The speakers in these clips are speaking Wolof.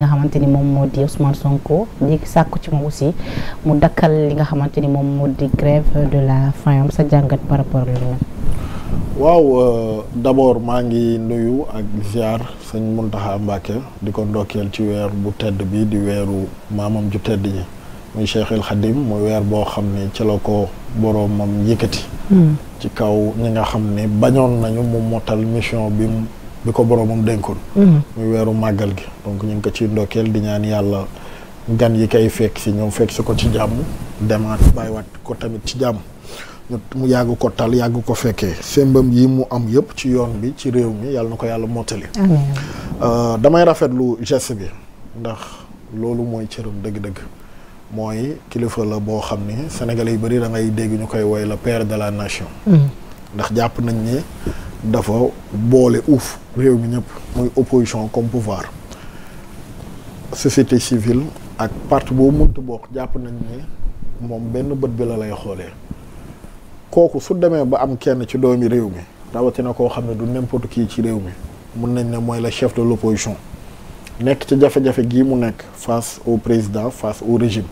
nga xamante ni moom moo di Ousmane Sonko di mu dakkal li nga xamante ni moom moo di grève de par rapport ak loolu. waaw euh, d'abord maa ngi nuyu ak ziar sëñ Mountakha Mbacké di ko ndokkeel ci weer bu tedd bi di weeru maamam ju tedd yi muy Cheikh El Khadim weer boo xam ne ci la ko boroomam yëkkati. Hmm. ci kaw ñi nga xam ne bañoon nañu mu motal mission bi bi ko boroomam dénkoon mm-hmm. muy weeru màggal gi donc ñu ngi ko ciy ndokkeel di ñaan yàlla gan yi kay fekk si ñoom fekk si ko ci jàmm demaat bàyyiwaat ko tamit ci jàmm mu yàgg ko tal yàgg ko fekkee sembam yi mu am yëpp ci yoon bi ci réew mi yàlla na ko yàlla mottali euh, damay rafetlu geste bi ndax loolu mooy cëram dëgg-dëgg mooy kilifa la boo xam ni sénégalais yu bëri da dégg ñu koy woy le père de la nation mm-hmm. ndax jàpp nañ ni dafa boole uuf réew mi ñëpp muy opposition comme pouvoir société civile ak parti boo mënta bokk jàpp nañ ni moom benn bët bi la lay xoolee kooku su demee ba am kenn ci doomi réew mi rawatina koo xam ne du n'importe kii ci réew mi mun nañ ne mooy la chef de l'opposition nekk ci jafe-jafe gii mu nekk face au président face au régime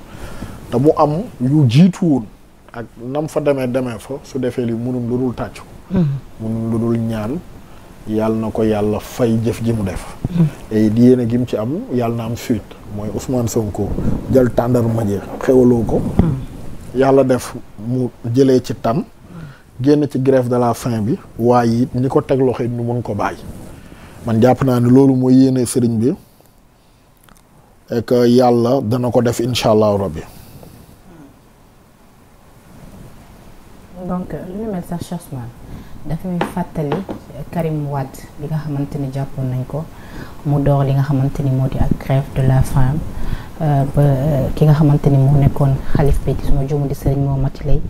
te mu am yu jiitu woon ak nam fa demee demee fa su defee li mënum lu dul tàccu mun lu dul ñaan yàlla na ko yàlla fay jëf ji mu def et di yéene gi mu ci am yàlla na am suite mooy Ousmane Sonko jël tàndar maje xewaloo ko yàlla def mu jëlee ci tan génn ci grève de la fin bi waaye it ñi ko teg loxo it mun ko bàyyi man jàpp naa ne loolu mooy yéene sëriñ bi et yàlla dana ko def incha allah rabbi donc euh, lu ñu mel sax Chasseman dafay fàttali euh, Karim Wade li nga xamante ni jàppoon nañ ko mu door li nga xamante ni moo di ak grève de la faim euh, ba ki nga xamante ni moo nekkoon xalif bi suma jumu di sëriñ moo mati lay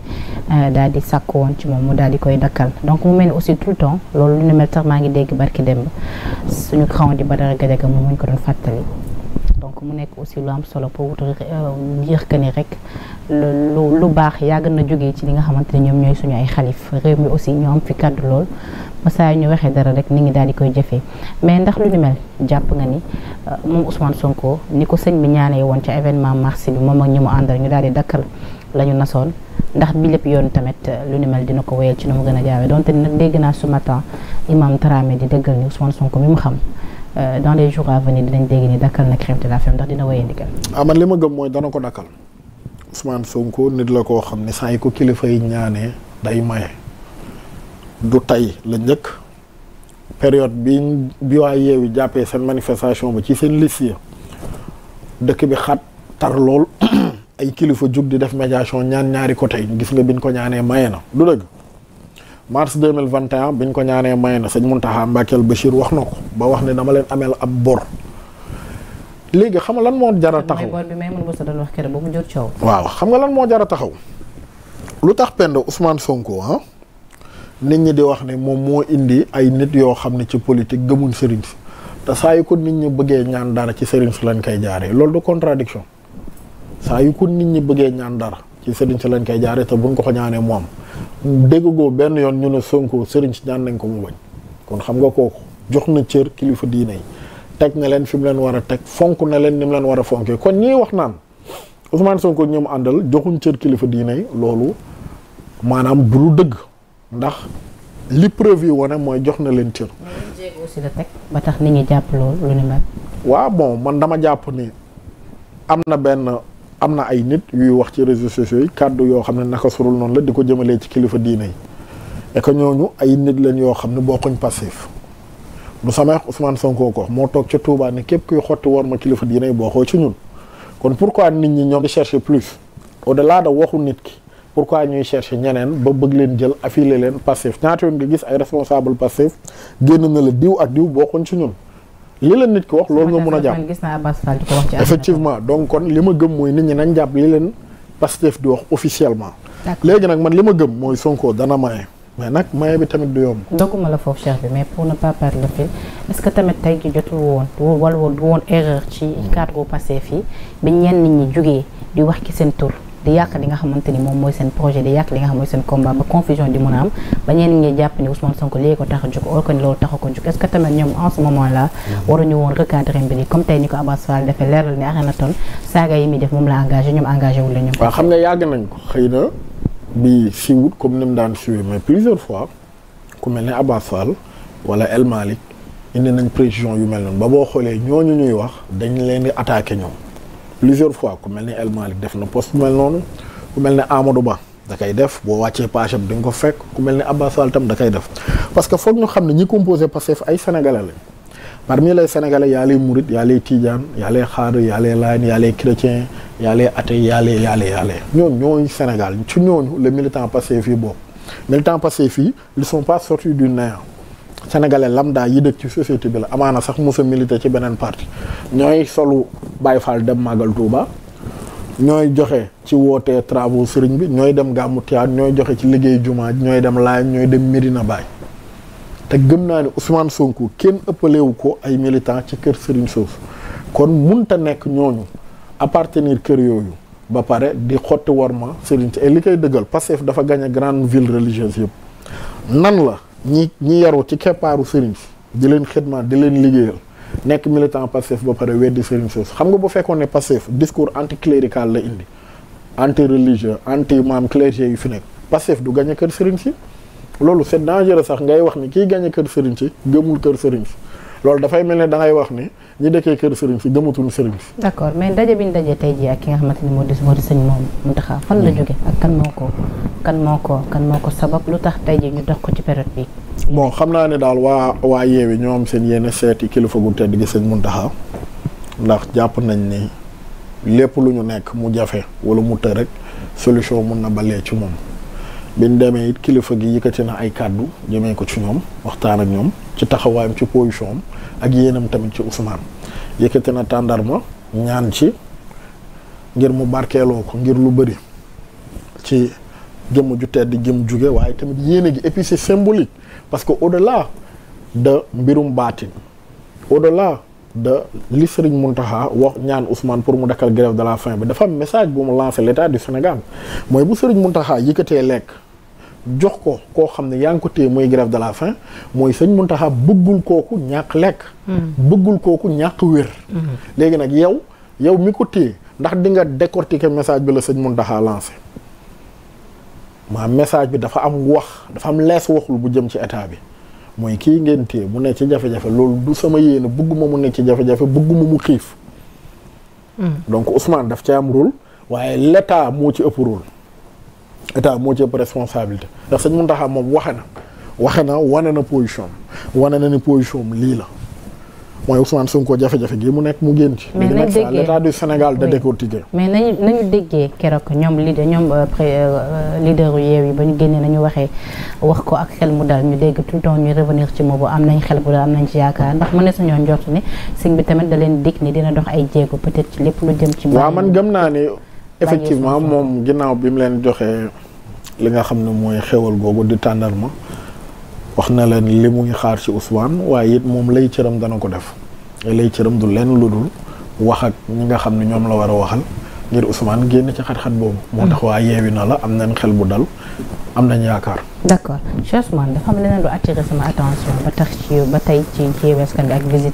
daal di sàkk woon ci moom mu daal di koy dakkal donc mu mel ni aussi tout le loolu lu ñu mel sax maa ngi dégg barki dem démb suñu xawoon di Badara Gadiaga moom muñ ko doon fàttali donc mu nekk aussi lu am solo pour wutal yéex euh, que ni rek lu lu baax yàgg na jógee ci li nga xamante ne ñoom ñooy suñu ay xalif réew mi aussi ñoo am fi kàddu lool ba saa ñu waxee dara rek ni ngi daal di koy jëfee mais ndax lu ni mel jàpp nga ni euh, moom Ousmane Sonko ni ko sëñ bi ñaanee woon ca événement mars bi moom ak ñi mu àndal ñu daal di dakkal la ñu nasoon ndax bi lépp yoon tamit euh, lu ni mel dina ko wéyal ci nu mu gën a jaawee donte nag dégg naa ce matin imam Dramé di dëggal ni Ousmane Sonko mi mu xam. Euh, dans les jours à venir dinañ dégg ni dakkal na crème de la femme ndax dina wéyee ndigal. ah li ma gëm mooy dana ko dakkal Ousmane Sonko nit la koo xam ne saa yi ko kilifa yi ñaanee day maye. du tey la njëkk période bi bi waa yeewi jàppee seen manifestation bi ci seen liste dëkk bi xat tar lool ay kilifa jug di def médiation ñaan ñaari côté gis nga biñ ko ñaanee maye na du dëgg. mars 2021 biñ ko ñaanee may na sëñ Muntaxa Mbàkkeel Bachir wax na ko ba wax ne dama leen ameel ab bor léegi xam nga lan moo jar a taxaw bor bi may mën sa doon wax keroog waaw xam nga lan moo jar a taxaw lu tax pend Ousmane Sonko ah nit ñi di wax ne moom moo indi ay nit yoo xam ne ci politique gëmuñ sëriñ si te saa yu ko nit ñi bëggee ñaan dara ci sëriñ si lañ koy jaaree loolu du contradiction saa yu ko nit ñi bëggee ñaan dara ci sëriñ si lañ koy jaaree te ñu ko ko ñaanee moom. déggoo benn yoon ñu ne Sonko sëriñ si ñaan nañ ko mu bañ kon xam nga kooku jox na cër kilifa diine yi teg na leen fi mu leen war a teg fonk na leen ni mu leen war a fonkee kon ñii wax naan Ousmane Sonko ñoom àndal joxuñ cër kilifa diine yi loolu maanaam du lu dëgg ndax li preuve yi mooy jox na leen cër. ba tax nit ñi jàpp loolu bon man dama jàpp ni am na benn. am na ay nit yuy wax ci réseaux sociaux yi kàddu yoo xam ne naka surul noonu la di ko jëmalee ci kilifa diine yi et ñooñu ay nit lañ yoo xam ne bokkuñ passif du sama Ousmane Sonko ko moo toog ca Touba ne képp kuy xotti war ma kilifa diine yi xoo ci ñun kon pour pourquoi nit ñi ñoom di chercher plus au delà de waxu nit ki pourquoi ñuy chercher ñeneen ba bëgg leen jël affilé leen passif ñaata yoon nga gis ay responsable passif génn na la diw ak diw bokkuñ ci ñun. li leen nit ki wax loolu nga mun a jàpp effectivement donc kon li ma gëm mooy nit ñi nañ jàpp li leen Pastef di wax officiellement léegi nag man li ma gëm mooy Sonko dana maye mais nag maye bi tamit du yomb dogguma la foofu cheikh bi mais pour ne pas perdre le fil est-ce que tamit tey ji jotul woon wala woon erreur ci hmm. cadre Pastef yi bi ñenn nit ñi jógee di wax ci seen tur di yàq li nga xamante ni moom mooy seen projet di yàq li nga xam mooy seen combat ba confusion di mën a am ba ñeen ñi jàpp ni Ousmane Sonko léegi ko tax a jóg or ni loolu taxu ko jóg est-ce que tamit mhm. ni ko Abass Fall defee leeral ni Akhenaton saaga yi muy def moom la engagé ñoom engagé wu la mais plusieurs fois ku mel ne Abass Fall wala El Malick indi nañ précision yu mel noonu ba boo xoolee ñooñu ñuy wax dañ leen di attaqué ñoom plusieurs fois ku mel ni El na poste bu mel noonu ku mel ne Amadou Ba da koy def boo wàccee page am di ko fekk ku mel ne Abbas Fall tam da kay def parce que foog ñu xam ne ñi composé Pastef ay sénégalais lañ parmi les sénégalais y a les mourides y a les tidiane y a les xaadir y a les laayeen y a les chrétiens y a les athées y a les Sénégal ci ñooñu les militants Pastef yi boobu militants Pastef yi ils sont pas sortis du néant sénégalais lambda yi dëkk ci société bi la amaana sax mos a milité ci beneen parti ñooy solu Baye Fall dem màggal Touba ñooy joxe ci woote travaux sëriñ bi ñooy dem gàmmu Tiwaawan ñooy joxe ci liggéey jumaa ñooy dem Layeen ñooy dem Medina Baye te gëm naa ne Ousmane Sonko kenn ëppalewu ko ay militant ci kër sëriñ soosu kon munta nekk ñooñu appartenir kër yooyu ba pare di xotti war ma sëriñ ci et li koy dëggal Pastef dafa gañe grande ville religions yëpp nan la ñi ñi yaru ci keppaaru sëriñ si di leen xidma di leen liggéeyal nekk militant Pastef ba pare weddi sëriñ soosu xam nga bu fekkoon ne Pastef discours anticlérical la indi anti religieux anti maam clergé yu fi nekk Pastef du gañ kër sëriñ si loolu c'est dangereux sax ngay wax ni kiy gañ kër sëriñ si gëmul kër sëriñ si lool dafay mel ne da wax ni ñu dëkkee kër sëriñ si gëmatuñu sëriñ si. d' accord mais daje bi ñu daje tey jii ak ki nga xamante ni moo di moo di moom mu taxaw fan la mm. jóge ak kan moo ko kan moo ko kan moo ko sabab lu tax tey ji ñu dox ko ci période bi bon xam naa ne daal waa waa yeewi ñoom seen yenn seeti kilifa gu tedd gi sëñ Muntaxa ndax jàpp nañ ni lépp lu ñu nekk mu jafe wala mu rek solution mun na balee ci moom. biñ demee it kilifa gi yëkkati na ay kàddu jëmee ko ci ñoom waxtaan ak ñoom ci taxawaayam ci position ak yéenam tamit ci Ousmane yëkkati na tàndarma ñaan ci ngir mu barkeeloo ko ngir lu bëri ci jëmm ju tedd jëm juge waaye tamit yéene gi et puis symbolique parce que au la de mbirum baatin au-delà de li Serigne Mountakha wax ñaan Ousmane pour mu dakkal grève de la faim bi dafa am message bu mu lancé l'état du Sénégal mooy bu Serigne Mountakha yëkkatee lekk. jox ko koo xam ne yaa ngi ko téye mooy grève de la faim mooy sëñ taxa bëggul kooku ñàkk lekk. Mm. bëggul kooku ñàkk wér. Mm-hmm. léegi nag yow yow mi ko téye ndax dinga nga message bi la sëñ Muntaxa lancé maa message bi dafa am wax dafa am lees waxul bu jëm ci état bi. mooy kii ngeen téye mu ne ci jafe-jafe loolu du sama yéene bëgguma mu ne ci jafe-jafe bëgguma mu xiif. Mm. donc Ousmane daf ci am rôle waaye l'État moo ci ëpp rôle. état moo ci ëpp responsabilité ndax sëñ Mountakha moom waxe na waxe na wane na position wane na ni position lii la mooy Ousmane Sonko jafe-jafe gi mu nekk mu génn ci. mais nañ déggee l'état du Sénégal de décortiquer. mais nañu nañu déggee keroog ñoom de ñoom euh, euh, euh, leader yeew yi ba ñu génnee nañu waxee wax ko ak xel mu dal ñu dégg tout le temps ñuy revenir ci moobu am nañ xel bu dal am nañ ci yaakaar ndax mu ne sañoo njort ni sëñ bi tamit da leen dig ni dina dox ay jéego peut-être ci lépp lu jëm ci. waaw man gëm naa ni effectivement moom ginnaaw bi mu leen joxee li nga xam ne mooy xewal googu di tàndarma wax na leen li mu ngi xaar ci Ousmane waaye it moom lay cëram dana ko def lay cëram du leen lu dul wax ak ñi nga xam ne ñoom la war a waxal ngir Ousmane génn ci xat-xat boobu. moo tax waa yeewi na la am nañ xel bu dal am nañ yaakaar. d' accord Cheikh Ousmane dafa am leneen lu attiré sama attention ba tax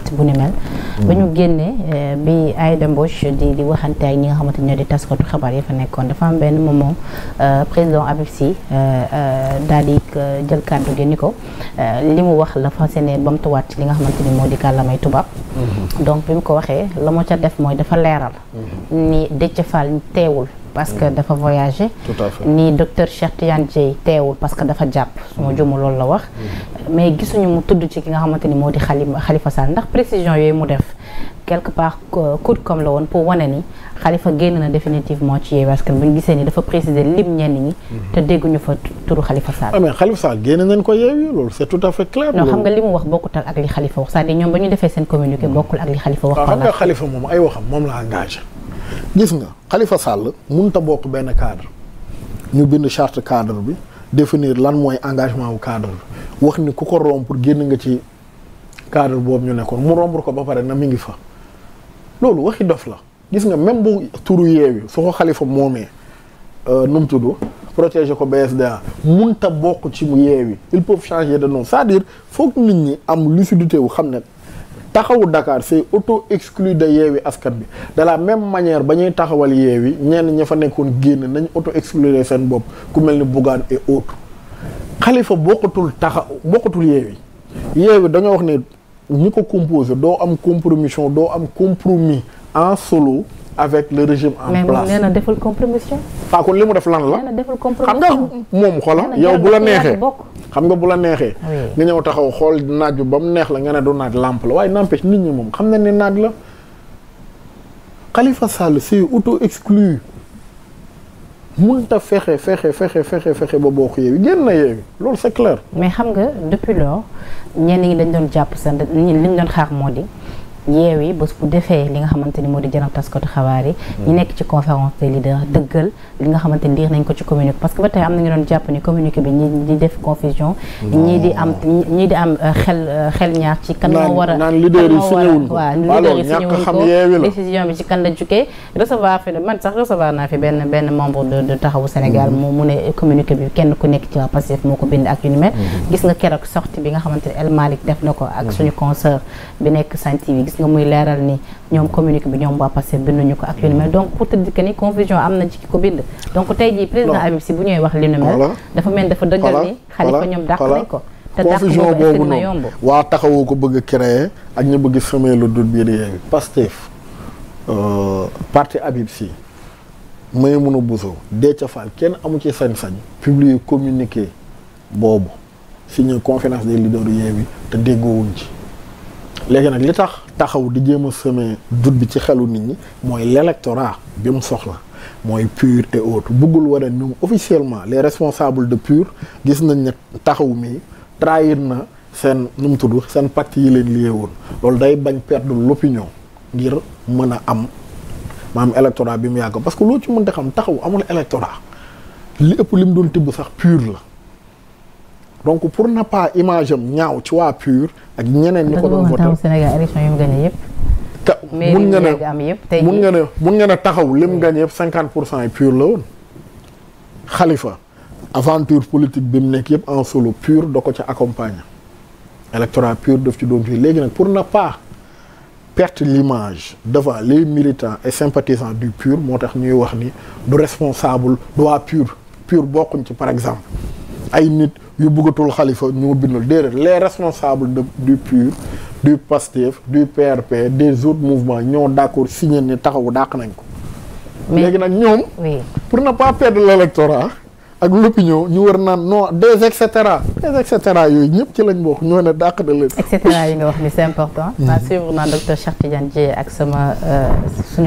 ci bu ni mel. Hmm. ba génnee eh, bi Aïda Mbodj di di waxante ak ñi nga xamante ne di taskatu xabaar yi fa nekkoon dafa am benn moment euh, président Habib Sy euh, euh, daal di jël kàddu gi ni ko li mu wax la fas yéene bamtuwaat ci li nga xamante ni moo di kàllamay tubaab. Hmm. donc bi mu ko waxee la moo ca def mooy dafa leeral. Hmm. ni dëcc Déthié Fall teewul parce que mm-hmm. dafa voyagé nii docteur Cheikh Tidiane Dieye teewul parce que dafa jàpp su ma jumu loolu la wax mm-hmm. mais gisuñu mu tudd ci ki nga xamante ni moo di xali Khalifa Sall ndax précision yooyu mu def quelque part coup comme la woon pour wane ni Khalifa génn na définitivement ci Yewwi Askan bu ñu gisee ni dafa préciser lim ñenn ñi mm-hmm. te dégguñu fa turu Khalifa Sall ah xam nga li wax bokkut ak li Khalifa wax c'est-à-dire ñoom ba ñu defee seen communiqué ah, moom ay waxam gis nga xalifa Sall mënut a bokk benn cadre ñu bind charte cadre bi définir lan mooy engagement wu cadre bi wax ni ku ko rompre génn nga ci cadre boobu ñu nekkoon mu rompre ko ba pare na mi ngi fa loolu waxi dof la gis nga même bu turu yeewi su ko Khalifa moomee euh, nu mu tudd protéger ko BSDA mun ta bokk ci mu yeewi il peuvent changer de nom c'est-à-dire foog nit ñi am lucidité wu xam ne taxawu Dakar c'est auto exclu de yeewi askan bi de la même manière ba ñuy taxawal yeewi ñenn ña fa nekkoon génn nañu auto exclure seen bopp ku mel ni Bougane et autres Khalifa bokkatul taxa bokkatul yeewi yeewi dañoo wax ne ñi ko composé doo am compromission doo am compromis en solo avec le régime en mais place mais na defal compromission. ah kon li mu def lan la. nee na defal compromission xam nga moom xoola yow bu la neexee xam nga bu la neexee. Ah nga ñëw taxaw xool naaj bi ba mu neex la nga ne du naaj làmp la waaye n'empêche nit ñi moom xam na ne naaj la. Khalifa Sall si auto exclu mun ta fexe fexe fexe fexe fexe ba bokk yeewi génn na yeewi loolu c'est clair. mais xam nga depuis lors ñenn ñi dañ doon jàpp sa nit ñi li ñu doon xaar moo di. yeewi bés bu defee li nga xamante ni moo di jënab taskatu xabaar yi mm-hmm. ñi nekk ci conférence des leaders dëggal li nga xamante ni diir nañ ko ci communiqué parce que ba tey am na ñu doon jàpp ni communiqué bi ñi di def confusion mm-hmm. ñii di am ñii di am euh, xel euh, xel ñaar ci kan moo war a naan leader yi signéwuñ ko bi ci kan la jugee recevoir fi man sax recevoir naa fi benn benn membre de de taxawu Sénégal mm-hmm. mu mu communiqué bi kenn ku nekk ci waa Pastef moo ko bind ak yu ni mel gis nga keroog sortie bi nga xamante ni El Malick def na ko ak suñu concert bi nekk Sen TV gis nga muy leeral ni ñoom communiqué bi ñoom waa passé binduñu ko ak yu ni mel donc pour te ni confusion am na ci ko bind donc tey jii président Habib Sy bu ñuy wax li dafa mel dafa dëggal ni Khalifa ñoom dàq nañ ko te confusion boobu noonu waa taxawu ko bëgg créer ak ñu bëgg semer le doute biir yeewi Pastef euh, parti Habib Sy mun a busoo Déthié kenn amu ci sañ-sañ publier communiqué boobu signé conférence des leaders Yewwi te déggoowuñ ci léegi nag li tax taxaw di jéem a semer doute bi ci xelu nit ñi mooy l'électorat bi mu soxla mooy PUR et autres buggul wara ñoom officiellement les responsable de PUR gis nañ ne taxaw mi trahir na seen nu mu tudd seen pacte yi leen lié woon loolu day bañ perdre l'opinion ngir mën a am maanaam électorat bi mu yàgg parce que loo ci mën a xam taxaw amul électorat li ëpp li mu doon tibb sax PUR la. donc pour ne image am ñaaw ci waa PUR ak ñeneen ñi ko doon voté Sénégal élection yi mu gagné yëpp te mun nga ne am mun nga mun nga ne taxaw lim gagné yëpp cinquante pour cent yi PUR la woon Khalifa aventure politique bi mu nekk yëpp en solo PUR da ko ci accompagner électorat PUR daf ci doon fii léegi nag pour ne perte perdre l'image devant les militants et sympathisants du pure moo tax ñuy wax ni du responsable du waa PUR PUR bokkuñ ci par exemple ay nit yu buggatul xalifa ñoo bindal déedéet les responsable de du PUR du PASTEF du PRP des autres mouvements ñoo d'accord signé ne taxawu dàq nañ ko. léegi nag ñoom. pour ne pas perdre l'électorat ak l'opinion ñu war naan non des et cetera des et yooyu ñëpp ci lañ bokk ñoo ne dàq na leen. et wax ni c'est important. ma mm. suivre naa docteur Cheikh Tidiane Dièye ak sama. Euh,